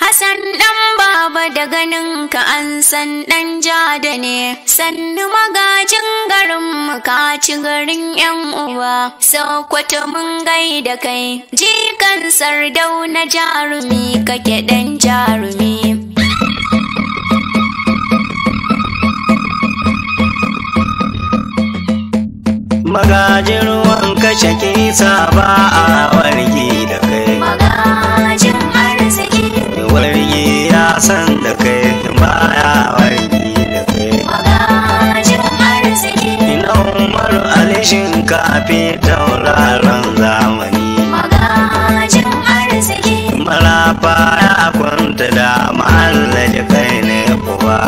Hassan ɗan baba da ganin ka an san ɗan jada ne, sannu magajin garinmu ka ci garin ‘yan uwa, Sokoto mun gaida kai, kan sardau na jarumi kake ɗan jarumi. Magajin ruwan kashe kisa ba a wargi da kai. san da kai baya wargi da kai magajin arziki ina umaru alishin kafi tauraron zamani magajin arziki marafa ya kwanta da mahallaji kai ne kuwa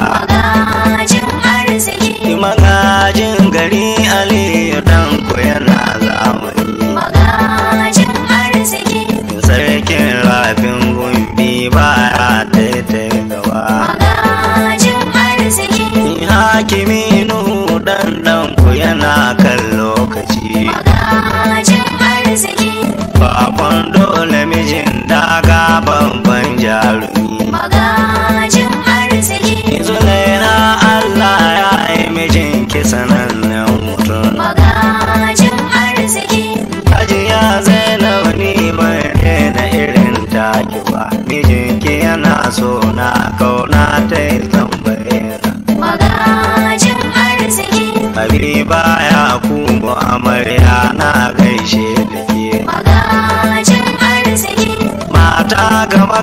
magajin arziki magajin gari aliyu dan yana zamani magajin arziki sarkin rafin gumbi baya ta gaba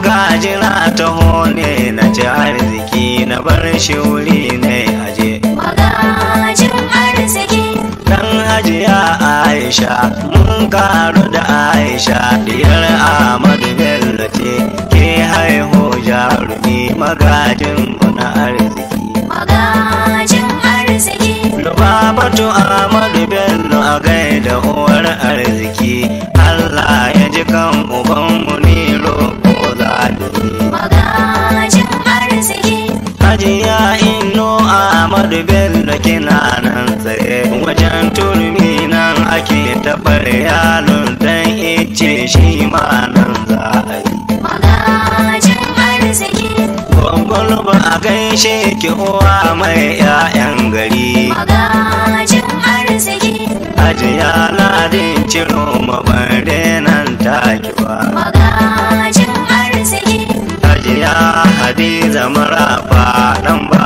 na ta hone na ci arziki na bar shi wuri ne aje magajin arziki dan hajiya aisha mun karu da aisha diyar ahmadu bello ce ke haihu jarumi magajin mu na arziki magajin arziki lubabatu ahmadu bello a gaida uwar arziki bello kina nan tsaye wajen turmi nan ake tabar yalon dan ice shi ma nan za a yi Gwangwalo ba a gaishe ki uwa mai 'ya'yan gari. Magajin arziki. Ajiya ladin ciro mabare nan take ba. Magajin arziki. Ajiya hadi rafa faɗan ba.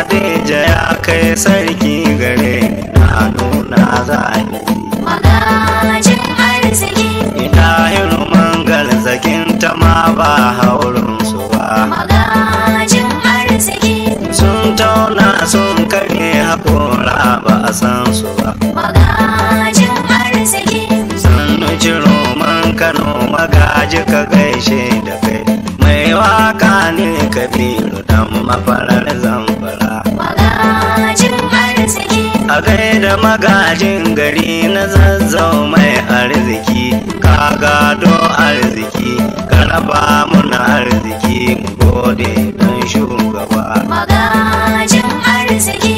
Khadija ya kai sarki gare na nuna zaki. Magajin arziki. Ina yin mangal zakin ta ma ba haurin su ba. Magajin arziki. Sun tauna sun kare hakora ba a san su ba. Magajin arziki. Sannu ciro man Kano magaji ka gaishe da kai. Mai waka ne kabiru dan mafarar zama. a gaida magajin gari na zazzau mai arziki ka gado arziki ka raba mun arziki mu gode don shugaba magajin arziki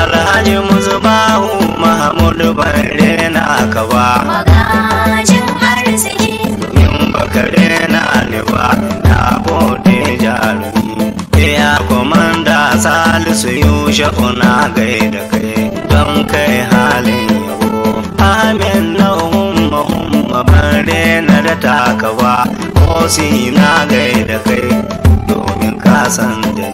alhaji muzubahu mahamudu ban na ka ba magajin arziki yin kare na alewa na bode jarumi ya komanda salisu yushe na gaida kai don kai halin yabo amin na umma umma ban rena da takawa osi na gai da kai domin ka san da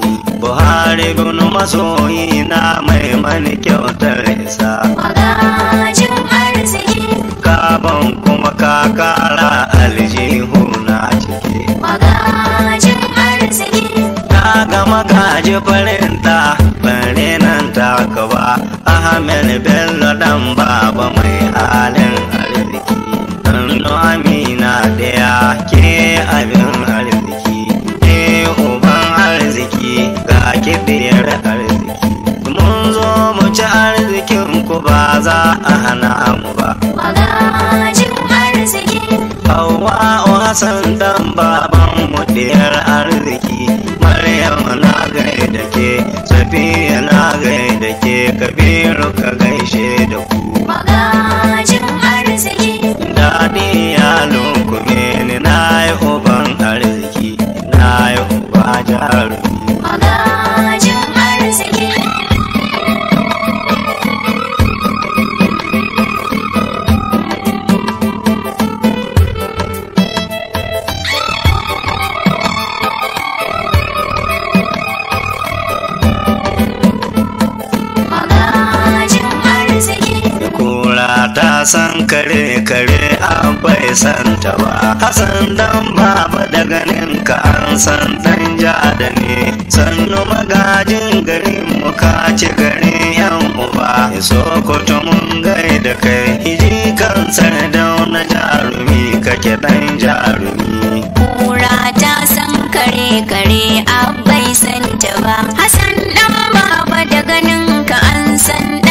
buhari bin masoyi na mai mani kyautar isa kaban kuma ka kara aljihu na ciki magajin ka ga magaji farinta Ahmed Bello dan baba mai halin arziki dan Amina daya ke abin arziki ke uban arziki ga kibiyar arziki mun zo mu ci arzikin ku ba za a hana mu ba. Magajin arziki. san dan baban mu diyar arziki maryam na gai da ke safiya na gai ke kabiru ka gaishe da ku magajin arziki dadi ya lunkume ni na yi uban arziki na yi uba jarumi san kare kare an bai santa ba hasan dan baba da ganin ka an san dan da ne sannu magajin garin mu ka ci garin yan uba sokoto mun gai da kai hiji kan sanadau na jarumi kake dan jarumi kura ta san kare kare an bai santa ba hasan dan baba da ganin ka an san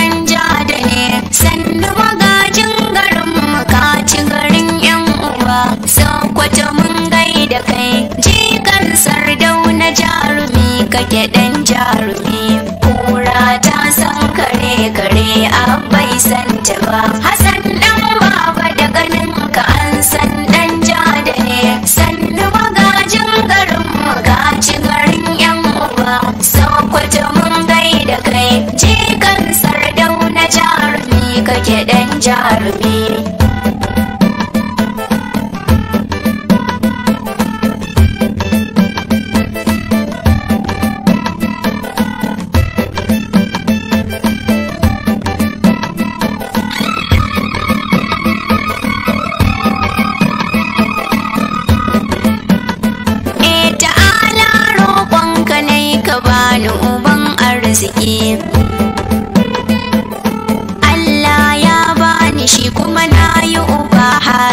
da kai jikan sardau na jarumi kake dan jarumi kura ta san kare kare a bai san ta ba hasan dan baba da ganin ka an san dan jada ne sannu magajin garin magaci garin yan uba sokoto mun gai da kai jikan sardau na jarumi kake dan jarumi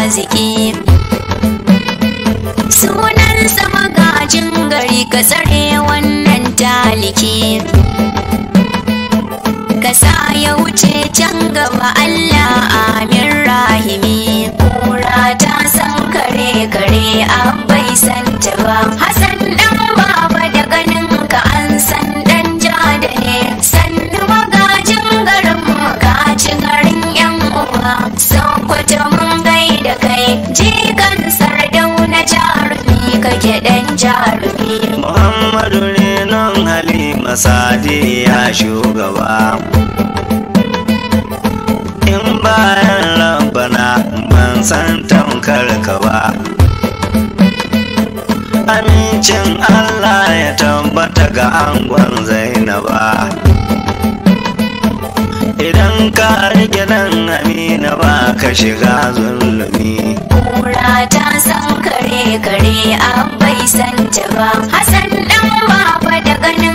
arziki sunansa magajin gari ka tsare wannan taliki ka sa ya wuce can gaba Allah amin rahimi kura ta san kare kare an bai santa ba sadi ya shugaba in bayan rabana ban san tamkar ka ba amincin allah ya tabbata ga angon zainaba idan ka rike nan amina ba ka shiga zulumi kura ta san kare kare an bai san ta ba hasan dan baba da ganin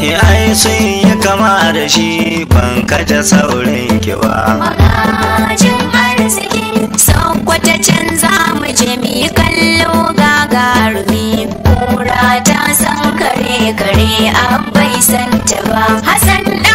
Eh, ai sun yi kama da shi ban kaja saurin ki ba magajin arziki san kwata can za mu je mu yi kallo gagarumi kura ta san kare kare an bai santa ba hasan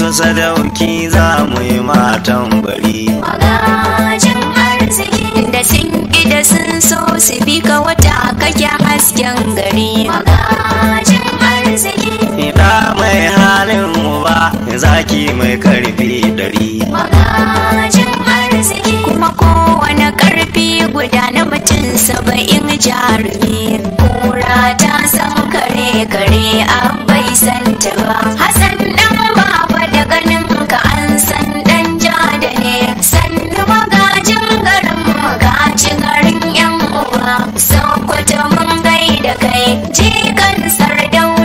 su sadauki za mu yi matan bari magajin arziki da sun da sun so su bi ka wata kake hasken gari magajin arziki ina mai halin mu ba zaki mai karfi dari magajin arziki kuma kowane karfi guda na mutum saba'in jarumi kura ta san kare kare an bai santa ba hasan Sokoto mun da kai, jikan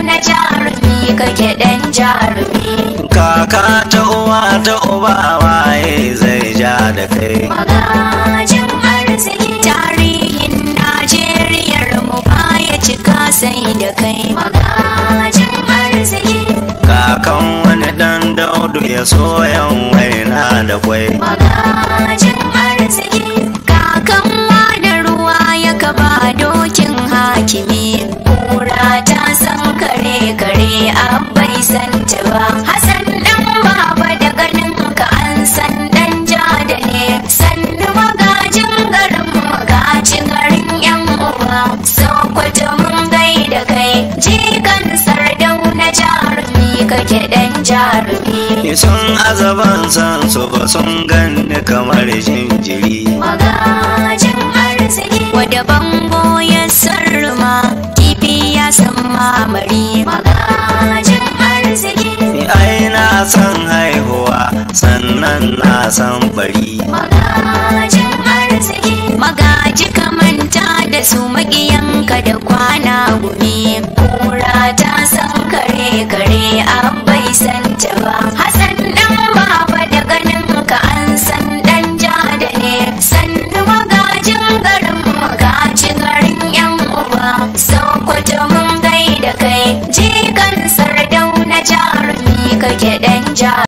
na jarumi kake dan jarumi. Kaka ta uwa ta uba waye zai ja da kai. Magajin arziki tarihin Najeriyar mu baya cika sai da kai. Magajin arziki. Kakan wani ɗan daudu ya soyan waina da kwai. Magajin arziki. ba. Hassan ɗan baba da ganin ka an san ɗan jada ne. Sannu magajin garin magajin garin ƴan uwa. Sau kwata mun gai da kai. Je kan jarumi kake ɗan jarumi. Ni sun azaban san so ba sun gani kamar jinjiri. Magajin arziki. Wada bango ya sarma kifi ya san mamari. san haihuwa sannan na san bari magajin arziki magaji kamanta da su magiyanka da kwana gumi kura ta san kare kare an bai san ta ba na job.